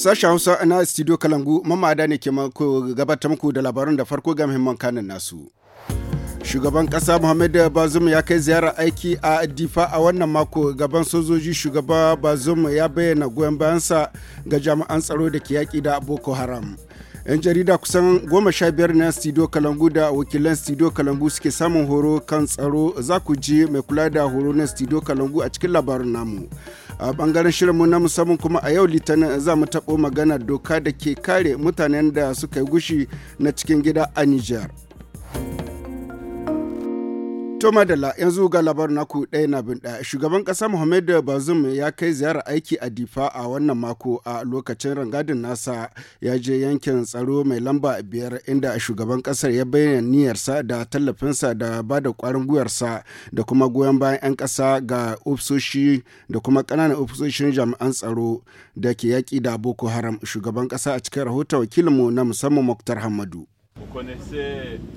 Sashen Hausa na Studio Kalangu mamada ne ke gabatar muku da labarun da farko ga muhimman kanin nasu. Shugaban ƙasa Muhammad Bazoum ya kai ziyara aiki a Difa a wannan mako gaban sojoji shugaba Bazoum ya bayyana goyon bayansa ga jami'an tsaro da ke yaƙi da Boko Haram. 'yan jarida kusan goma sha biyar na studio kalangu da wakilan studio kalangu suke samun horo kan tsaro za ku je mai kula da horo na studio kalangu a cikin labarin namu a bangaren shirinmu na musamman kuma a yau litinin za mu taɓo magana doka da ke kare mutanen da suka yi gushi na cikin gida a niger To madalla yanzu ga labarin naku ɗaya na bin ɗaya. Shugaban ƙasa Muhammadu bazum ya kai ziyarar aiki a Difa a wannan mako a lokacin rangadin nasa ya je yankin tsaro mai lamba biyar inda shugaban ƙasar ya bayyana niyyarsa da tallafinsa da ba da ƙwarin gwiwarsa da kuma goyon bayan 'yan ƙasa ga ofisoshi da kuma ƙananan ofisoshin jami'an tsaro da ke yaƙi da Boko Haram. Shugaban ƙasa a cikin rahoton wakilinmu na musamman Muktar Hamadu.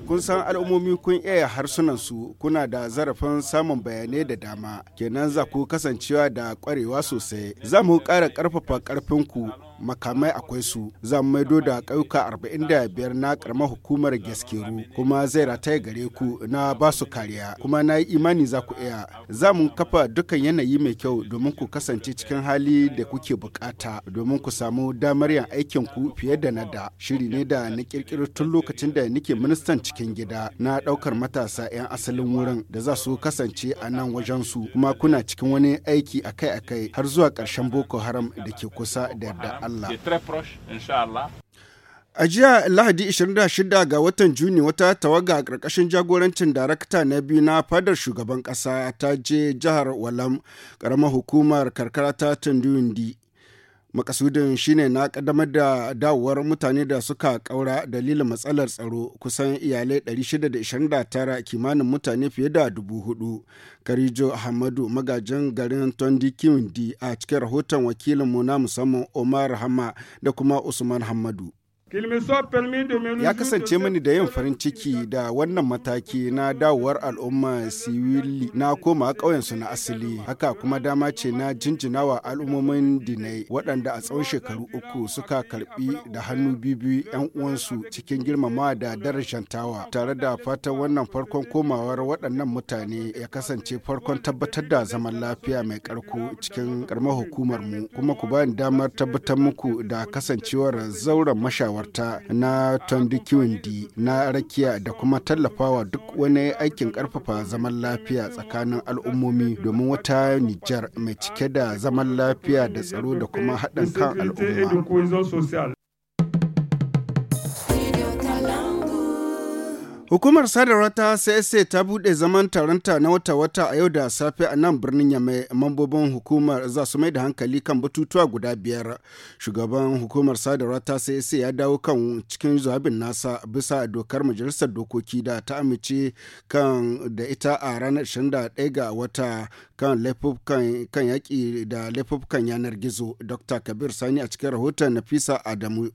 Kun san al'ummomi kun iya harsunansu kuna da zarafin samun bayanai da dama, kenan za ku kasancewa da ƙwarewa sosai. Za mu ƙara ƙarfafa ƙarfinku makamai akwai su zan maido da ƙauyuka 45 na karamar hukumar gaskeru kuma zai rataye gare ku na ba su kariya kuma na yi imani za ku iya za mu kafa dukkan yanayi mai kyau domin ku kasance cikin hali da kuke bukata domin ku samu damar yin aikin ku fiye da na da shiri ne da na kirkiro tun lokacin da nake ministan cikin gida na ɗaukar matasa 'yan asalin wurin da za su kasance a nan wajen su kuma kuna cikin wani aiki akai-akai har zuwa ƙarshen boko haram da ke kusa da yarda Allah. A jiya Lahadi 26 ga watan Juni wata tawaga a ƙarƙashin jagorancin darakta na biyu na fadar shugaban ƙasa ta je jihar Walam, ƙaramar hukumar karkara ta makasudin shine na kaddamar da dawowar mutane da suka kaura dalilin matsalar tsaro kusan iyalai 629 kimanin mutane fiye da 4,000 karijo hamadu magajin garin tondi kiwindi a cikin rahoton wakilinmu na musamman omar hama da kuma usman hamadu Ya kasance mani da yin farin ciki da wannan mataki na dawowar al'umma siwili na koma ƙauyensu na asali. Haka kuma dama ce na jinjinawa al'ummomin dinai waɗanda a tsawon shekaru uku suka karbi da hannu bibi 'yan uwansu cikin girmamawa da darajantawa tare da fatan wannan farkon komawar waɗannan mutane ya kasance farkon tabbatar da zaman lafiya mai ƙarko cikin ƙaramar hukumar mu kuma ku bani damar tabbatar muku da kasancewar zauren mashawar mashawarta na tondikiwindi na rakiya da kuma tallafawa duk wani aikin karfafa zaman lafiya tsakanin al'ummomi domin wata Nijar mai cike da zaman lafiya da tsaro da kuma haɗin kan al'umma. Hukumar sadarwa ta CSA ta buɗe zaman taronta na wata-wata a yau da safe a nan birnin Yamai mambobin hukumar za su mai da hankali kan batutuwa guda biyar. Shugaban hukumar sadarwa ta CSA ya dawo kan cikin zabin nasa bisa dokar majalisar dokoki da ta amince kan da ita a ranar 21 ga wata kan laifukan kan yaƙi da laifukan yanar gizo. Dr. Kabir Sani a cikin rahoton Nafisa Adamu.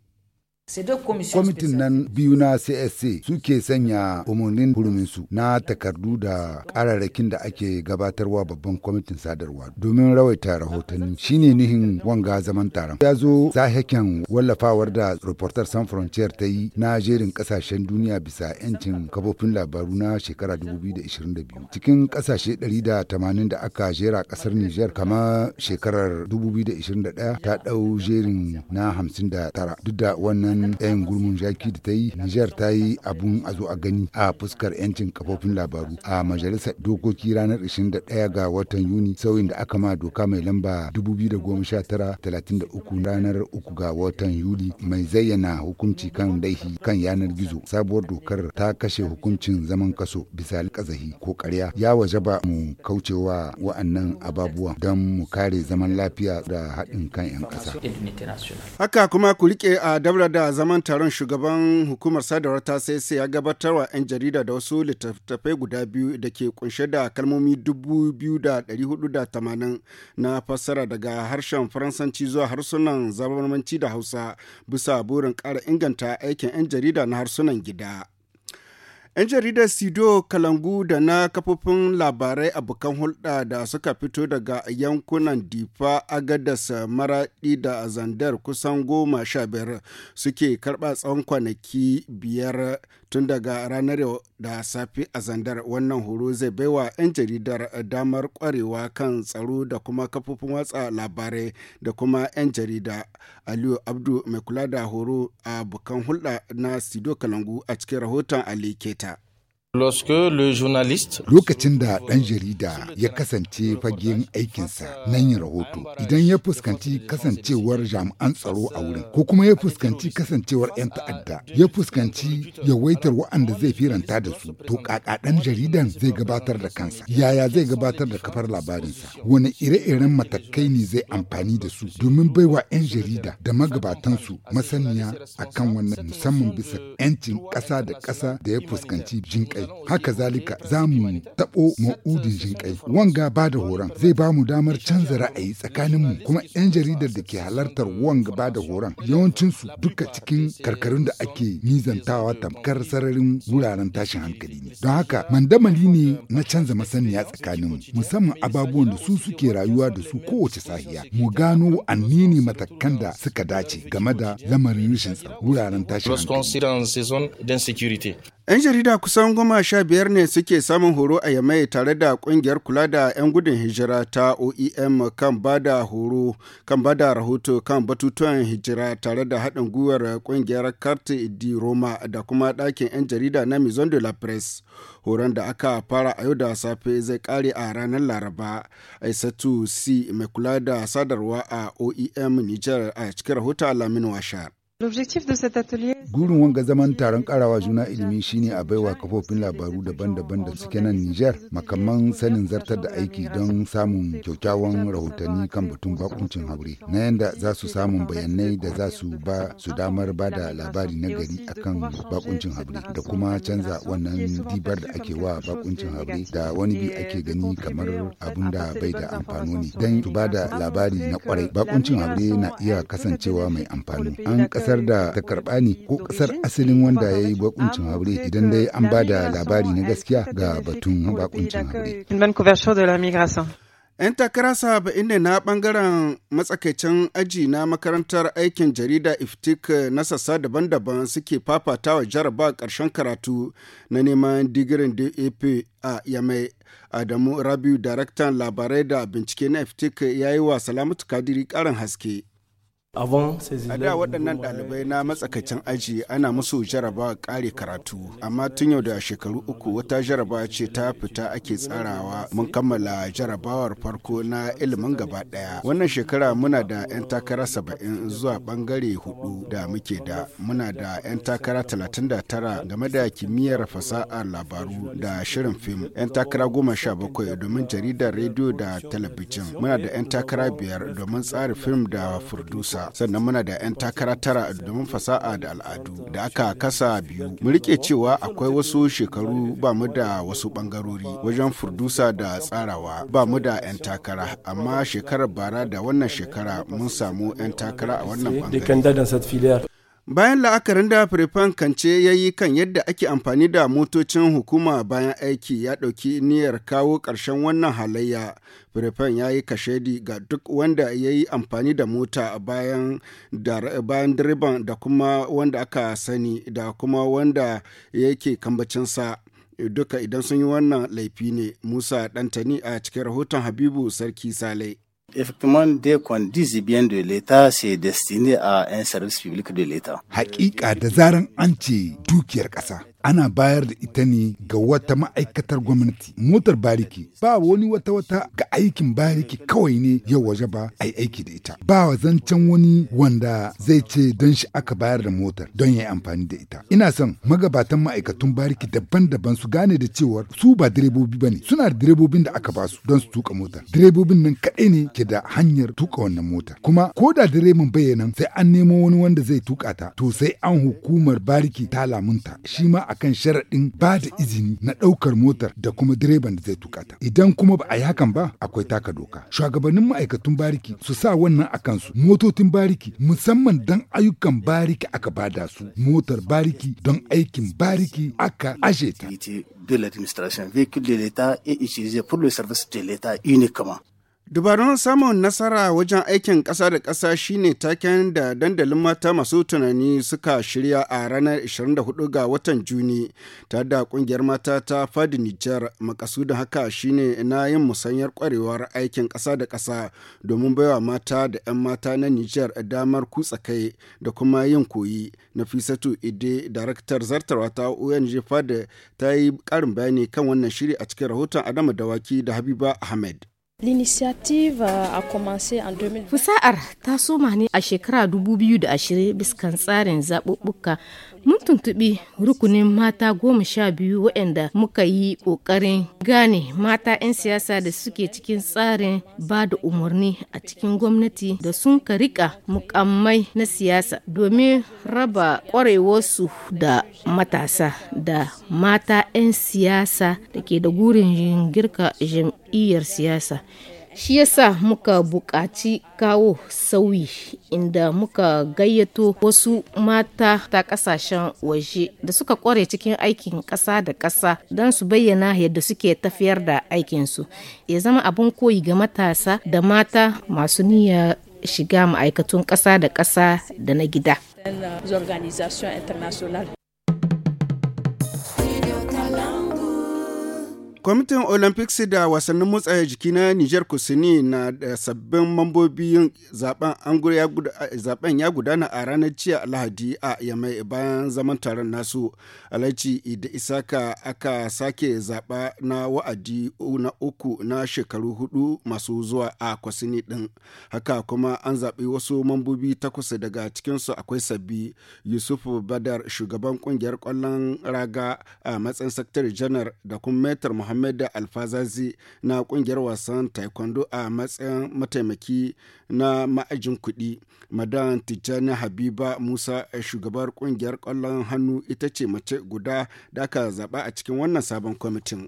Kwamitin nan biyu na CSC suke sanya umarnin huruminsu na takardu da kararrakin da ake gabatarwa babban kwamitin sadarwa domin rawaita rahoton shine nihin wanga zaman taron. Ya zo zahaken wallafawar da Reporter San Frontier ta yi na jerin kasashen duniya bisa 'yancin kafofin labaru na shekara 2022. Cikin kasashe 180 da aka jera kasar niger kama shekarar 2021 ta ɗau jerin na 59 duk da wannan ɗayan 'yan gurmun jaki da ta yi nijar ta yi abun a zo a gani a fuskar 'yancin kafofin labaru a majalisar dokoki ranar 21 ga watan yuni sauyin da aka ma doka mai lamba 2019-33 ranar 3 ga watan yuli mai zayyana hukunci kan laifi kan yanar gizo sabuwar dokar ta kashe hukuncin zaman kaso bisa alkazahi ko karya ya waje ba mu kaucewa wa'annan ababuwa. don mu kare zaman lafiya da haɗin kan 'yan ƙasa. Haka kuma ku rike a dabra da a zaman taron shugaban hukumar sadarwar ta sai ya gabatar wa 'yan jarida da wasu littattafai guda biyu da ke kunshe da kalmomi 2,480 na fassara daga harshen faransanci zuwa harsunan zamananci da hausa bisa burin ƙara inganta aikin 'yan jarida na harsunan gida. 'Yan jaridar Sido Kalangu da na kafofin labarai abokan hulɗa da suka fito daga yankunan Difa, Agadas, Maraɗi da Zandar kusan goma sha biyar suke karɓa tsawon kwanaki biyar tun daga ranar da safi a Zandar. Wannan horo zai baiwa 'yan jaridar damar ƙwarewa kan tsaro da kuma kafofin watsa labarai da kuma 'yan jarida. Aliyu Abdu mai kula da horo a bukan hulɗa na Sido Kalangu a cikin rahoton Ali Lokacin da ɗan jarida ya kasance fagen aikinsa nan yin rahoto, idan ya fuskanci kasancewar jami'an tsaro a wurin, ko kuma ya fuskanci kasancewar 'yan ta'adda, ya fuskanci yawaitar wa'anda zai firanta da su, to kaka ɗan jaridan zai gabatar da kansa, yaya zai gabatar da kafar labarinsa, wani ire-iren matakai ne zai amfani da su domin baiwa 'yan jarida da magabatansu masaniya akan wannan musamman bisa 'yancin ƙasa da ƙasa da ya fuskanci jinƙai. jinƙai haka zalika za mu taɓo ma'udin jinƙai wanga ba da horon zai ba mu damar canza ra'ayi tsakanin mu. kuma 'yan jaridar da ke halartar wanga ba da horon yawancinsu duka cikin karkarun da ake nizantawa tamkar sararin wuraren tashin hankali ne don haka mandamali ne na canza masaniya mu. musamman ababuwan da su suke rayuwa da su kowace sahiya mu gano ne matakan da suka dace game da lamarin rashin tsaro wuraren tashin hankali 'Yan jarida kusan goma sha biyar ne suke samun horo a Yamai tare da kungiyar kula da 'yan gudun hijira ta OEM kan da horo kan da rahoto kan batutuwan hijira tare da haɗin gwiwar kungiyar Carte di Roma da kuma ɗakin 'yan jarida na Maison de la Presse. Horon da aka fara a yau da safe zai ƙare a ranar Laraba. Aisatu C mai kula da sadarwa a OEM Niger a cikin rahoton Laminu Washar. Gurin wanga zaman taron karawa juna ilimi shine a baiwa kafofin labaru daban-daban da suke nan Nijar Makamman sanin zartar da aiki don samun kyakkyawan rahotanni kan batun bakuncin haure na yadda za su samun bayanai da za su ba su damar ba da labari na gari akan bakuncin haure da kuma canza wannan dibar da ake wa bakuncin haure da wani bi ake gani kamar abun da bai da amfani ne don su ba da labari na kwarai bakuncin haure na iya kasancewa mai amfani an kasa kasar da ta karba ni ko kasar asalin wanda ya yi bakuncin haure idan dai an ba da labari na gaskiya ga batun bakuncin haure. 'Yan takara saba inda na bangaren matsakaicin aji na makarantar aikin jarida iftik na sassa daban-daban suke fafatawa jaraba karshen karatu na neman digirin DAP a Yamai. Adamu Rabiu, daraktan labarai da bincike na iftik ya yi wa Salamatu Kadiri ƙarin haske. A da waɗannan ɗalibai na matsakaicin aji ana musu jaraba ƙare karatu, amma tun yau da shekaru uku wata jaraba ce ta fita ake tsarawa mun kammala jarabawar farko na ilimin gaba ɗaya. Wannan shekara muna da 'yan takara saba'in zuwa ɓangare hudu da muke da muna da 'yan takara talatin da tara game da kimiyyar fasaha labaru da shirin fim, 'yan takara goma sha bakwai domin jaridar rediyo da talabijin, muna da 'yan takara biyar domin tsarin fim da furdusa. sannan muna da 'yan takara tara domin fasa'a da al'adu da aka kasa biyu mu rike cewa akwai wasu shekaru ba mu da wasu bangarori wajen furdusa da tsarawa ba mu da 'yan takara amma shekarar bara da wannan shekara mun samu 'yan takara a wannan bangare bayan la'akarin da firifan kance ya yi kan yadda ake amfani da motocin hukuma bayan aiki ya ɗauki niyyar kawo ƙarshen wannan halayya firifan ya yi kashedi ga duk wanda ya yi amfani da mota bayan direban da kuma wanda aka sani da kuma wanda yake kambacinsa duka idan sun yi wannan laifi ne musa ɗantani a cikin rahoton habibu sarki salai Effectivement, des qu'on dise bien de l'État, c'est destiné à un service public de l'État. Hakika da zaran an ce dukiyar ƙasa ana bayar da ita ne ga wata ma'aikatar gwamnati motar bariki ba wani wata wata ga aikin bariki kawai ne yau waje ba a yi aiki da ita ba wa zancen wani wanda zai ce don shi aka bayar da motar don ya yi amfani da ita ina son magabatan ma'aikatun bariki daban-daban su gane da cewar su ba direbobi ba ne suna da direbobin da aka ba su don su tuka motar direbobin nan kaɗai ne ke da hanyar tuka wannan motar kuma ko da direban bayyana sai an nemo wani wanda zai tuka ta to sai an hukumar bariki ta lamunta shi ma akan sharaɗin ba da izini na ɗaukar motar da kuma direban da zai tukata. Idan kuma ba a yi hakan ba akwai taka doka. Shugabannin ma'aikatun bariki su sa wannan a kansu. Motocin bariki musamman don ayyukan bariki aka bada su. Motar bariki don aikin bariki aka ashe ta. de l'administration, véhicule de l'État est utilisé pour le service de l'État uniquement. Dubarun samun nasara wajen aikin ƙasa da ƙasa shine taken da dandalin mata masu tunani suka shirya a ranar 24 ga watan Juni ta da ƙungiyar mata ta Fadi Nijar da haka shine na yin musanyar ƙwarewar aikin ƙasa da ƙasa domin baiwa mata da 'yan mata na Nijar damar kutsa kai da kuma yin koyi. Nafisatu Ide, daraktar zartarwa ta ONG Fadi ta yi ƙarin bayani kan wannan shiri a cikin rahoton Adama Dawaki da Habiba Ahmed. L'initiative a commencé en 2000. Fusa'ar ta soma ne a shekara dubu biyu da 2020 biskan tsarin zaɓuɓɓuka Mun tuntuɓi rukunin mata goma sha biyu waɗanda muka yi ƙoƙarin gane mata 'yan siyasa da suke cikin tsarin ba da umarni a cikin gwamnati da sun ka riƙa mukammai na siyasa domin raba ƙwarewarsu da matasa da mata 'yan siyasa da ke da gurin girka jam'iyyar siyasa. shi yasa muka buƙaci kawo sauyi inda muka gayyato wasu mata ta ƙasashen waje da suka ƙware cikin aikin ƙasa da ƙasa don su bayyana yadda suke tafiyar da aikinsu ya zama abin koyi ga matasa da mata masu niyya shiga ma'aikatun ƙasa da ƙasa da na gida. Kwamitin Olympics da wasannin motsa jiki na Nijar Kusini na da sabbin mambobin zaben ya gudana a ranar jiya Lahadi a Yamai bayan zaman taron nasu. Alhaji Ida Isaka aka sake zaba na wa'adi na uku na shekaru hudu masu zuwa a Kusini din. Haka kuma an zaɓi wasu mambobi takwas daga cikinsu akwai sabbi Yusuf Badar shugaban kungiyar kwallon raga a matsayin sakatare janar da kuma Metar Muhammad Alfazazi na kungiyar wasan Taekwondo a matsayin mataimaki na ma'ajin kuɗi. Madan Tijjani Habiba Musa shugabar kungiyar kwallon hannu ita ce mace guda da aka zaɓa a cikin wannan sabon kwamitin.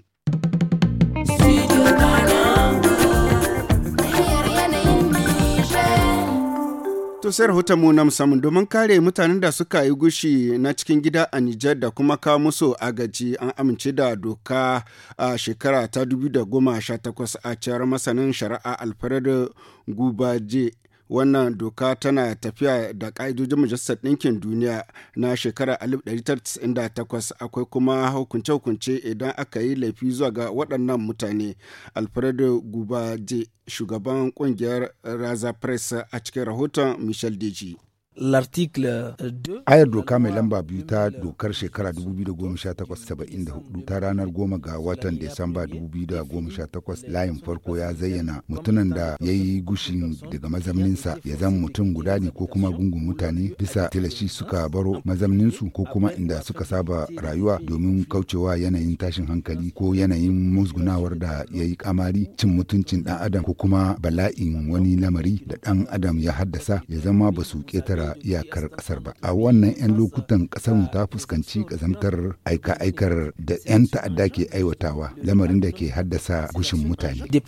To sai rahoton mu na musamman domin kare mutanen da suka yi gushi na cikin gida a Nijar da kuma kawo musu agaji an amince da doka a shekara ta 2018 a cewar masanin shari'a alfred Gubaje wannan doka tana tafiya da ƙa'idojin majalisar ɗinkin duniya na shekarar 1998 akwai kuma hukunce-hukunce idan aka yi laifi zuwa ga waɗannan mutane alfredo gubaje shugaban ƙungiyar raza press a cikin rahoton michel deji l'article 2 ayar doka mai lamba biyu ta dokar shekara 2018-74 ta ranar goma ga watan Desamba 2018 layin farko ya zayyana mutumin da ya yi gushin daga mazamninsa ya zama mutum guda ne ko kuma gungun mutane bisa tilashi suka baro mazamninsu ko kuma inda suka saba rayuwa domin kaucewa yanayin tashin hankali ko yanayin musgunawar da ya yi kamari cin mutuncin dan adam ko kuma bala'in wani lamari da dan adam ya haddasa ya zama ba su ketara ƙetara iyakar ƙasar ba a wannan 'yan lokutan kasar mu ta fuskanci ƙazamtar aika-aikar da 'yan ta'adda ke aiwatawa lamarin da ke haddasa gushin mutane de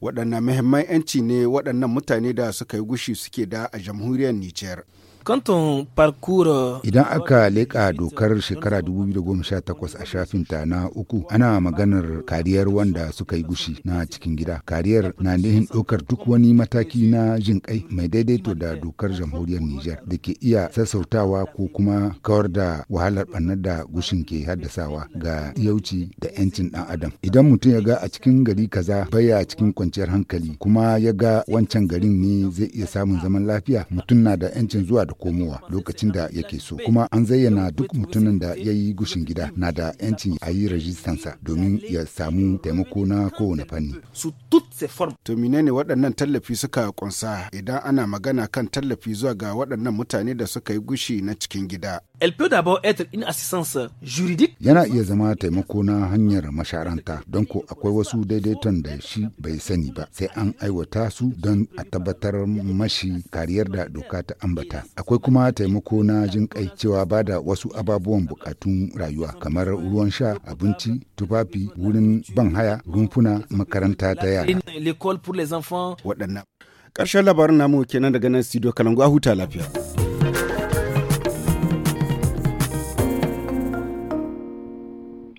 waɗannan muhimman 'yanci ne waɗannan mutane da suka yi gushi suke da a jamhuriyar nijar Kanton parkour... Idan aka leƙa dokar shekara 2018 a shafin ta na uku ana maganar kariyar wanda suka yi gushi na cikin gida. Kariyar na nihin ɗaukar duk wani mataki na jin kai mai daidaito da dokar jamhuriyar Nijar da ke iya sassautawa ko kuma kawar da wahalar ɓannar da gushin ke haddasawa ga yauci da 'yancin dan adam. Idan mutum ya ga a cikin gari kaza baya cikin kwanciyar hankali kuma ya ga wancan garin ne zai iya samun zaman lafiya mutum na da 'yancin zuwa da komowa lokacin da yake so kuma an zayyana duk mutumin da ya yi gushin gida na da 'yancin a yi rajistansa domin ya samu taimako na kowane fanni. To menene waɗannan tallafi suka kunsa idan ana magana kan tallafi zuwa ga waɗannan mutane da suka yi gushi na cikin gida? Elle peut d'abord être une assistance juridique. Yana iya zama taimako na hanyar masharanta don ko akwai wasu daidaiton da shi bai sani ba sai an aiwata su don a tabbatar mashi kariyar da doka ta ambata. Akwai kuma taimako na jin kai cewa ba da wasu ababuwan bukatun rayuwa kamar ruwan sha, abinci, tufafi, wurin ban haya, rumfuna, makaranta ta yara. L'école labaran Waɗannan. Ƙarshen labarin namu kenan daga nan studio Kalangu a huta lafiya.